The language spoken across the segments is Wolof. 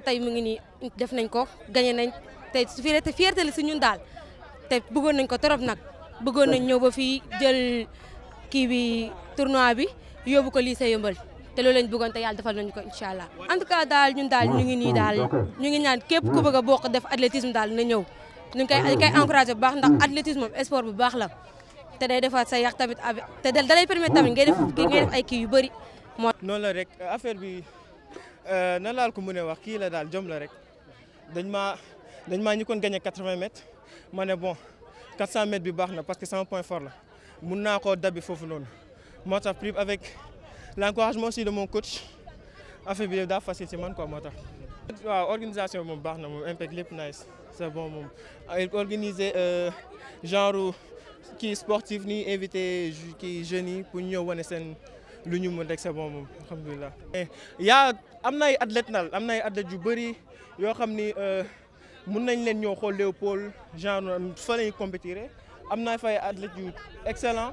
te mu ngi nii def nañ ko gagné nañ tey su fi te fierté la si ñun daal te bëggoon nañ ko trop nag bëggoon nañ ñëw ba fii jël kii bi tournoi bi yóbbu ko lycée Yeumbeul te loolu lañ bëggoon te yàlla defal nañu ko incha allah en tout cas daal ñun daal ñu ngi nii daal mm, ngi ñaan képp ku bëgg a bokk def athlétisme daal na ñëw ñu ngi koy koy bu baax ndax mm. athlétisme moom sport bu baax la te day defaat sa yax tamit te da lay permettre tamit ngay def ay kii yu bëri moo noonu la rek affaire bi Euh, na laal ko mënee wax ki la dal jom la rek dañ ma dañ ma ñu koon gagné 80 mètres mané bon 400 mètres bi baax na parce que c'est un point fort la mën naa koo dabi fofu non moo tax avec l'encouragement aussi de mon coach affaire bi da facile ci man quoi motax tax. waaw organisation moom baax na moom impact lépp nice c'est bon moom organiser euh, genre qui sportif ni invité qui jeune pour ñëw wone sen lu ñu mën rek c'est bon moom alhamdulilah. Eh, yaa am ay athlète nal amna ay athlète yu bëri yo xamni euh mun nañ leen ñoo xol Léopold genre fa la compétiré amna fay athlète yu excellent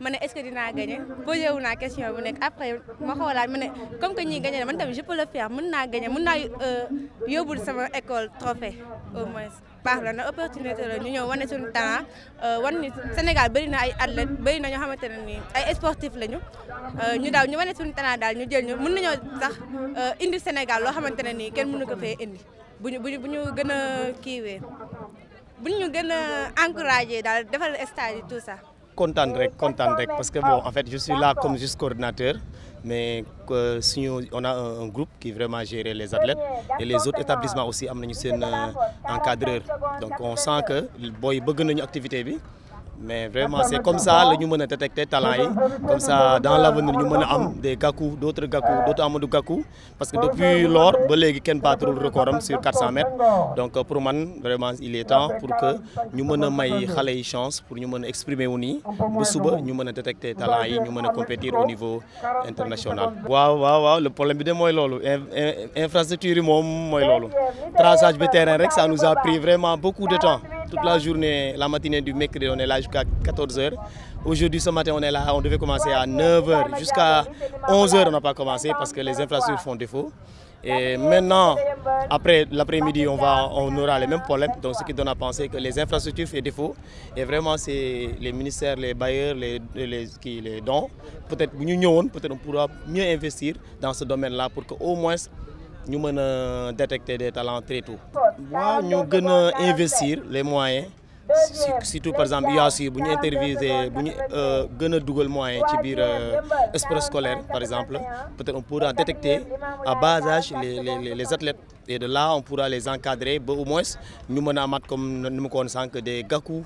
mane ne est-ce que dinaa gagné posé wu naa question bu nekk après ma xoolaat ma ne comme que ñi gagné man tamit je peux le faire mën naa gagné mun naa euh, yóbbul sama école trophée au moins. baax la na opportunité la ñu ñëw wane suñu talent euh, wan ni Sénégal bëri na ay athlètes bëri na ñoo xamante ne nii ay sportif lañu ñu euh, daal ñu wane suñu talent daal ñu jël ñu mën nañoo sax indi Sénégal loo xamante ne nii kenn mun na ko fee indi bu ñu bu ñu bu ñu gën a kiiwee bu ñu gën a encouragé daal defal stage yi tout ça. Content rek content rek parce que en fait je suis là comme juste coordinateur mais euh, on a un groupe qui vraiment gère les athlètes et les autres établissements aussi on un euh, encadreur donc on sent que boy bëgg activité mais vraiment c'est comme ça que nous avons détecté détecter talent comme ça dans l'avenir nous nous des Gakou d'autres Gakou d'autres Amadou Gakou parce que depuis lors ba pas kenn le record sur 400 mètres donc euh, pour moi, vraiment il est temps pour que nous ayons une chance pour nous exprimer nous nous suba ñu détecter talent nous compétir au niveau international Waouh, waouh, waouh, le problème bi de moi, L'infrastructure infrastructure yi moom Le traçage de terrain ça nous a pris vraiment beaucoup de temps toute la journée, la matinée du mercredi, on est là jusqu'à 14h. Aujourd'hui, ce matin, on est là, on devait commencer à 9h. Jusqu'à 11h, on n'a pas commencé parce que les infrastructures font défaut. Et maintenant, après l'après-midi, on, on aura les mêmes problèmes. Donc, ce qui donne à penser que les infrastructures font défaut. Et vraiment, c'est les ministères, les bailleurs, les, qui, les dons. Peut-être peut on pourra mieux investir dans ce domaine-là pour qu'au moins nous mën détecter des talents très tôt. Nous ñu investir les moyens surtout par exemple il y a aussi, vous ñu vous euh, a dugal moyen ci biir euh, espace scolaire par exemple peut-être on pourra détecter à bas âge les les les athlètes et de là on pourra les encadrer au moins ñu mën comme nous ko des Gakous.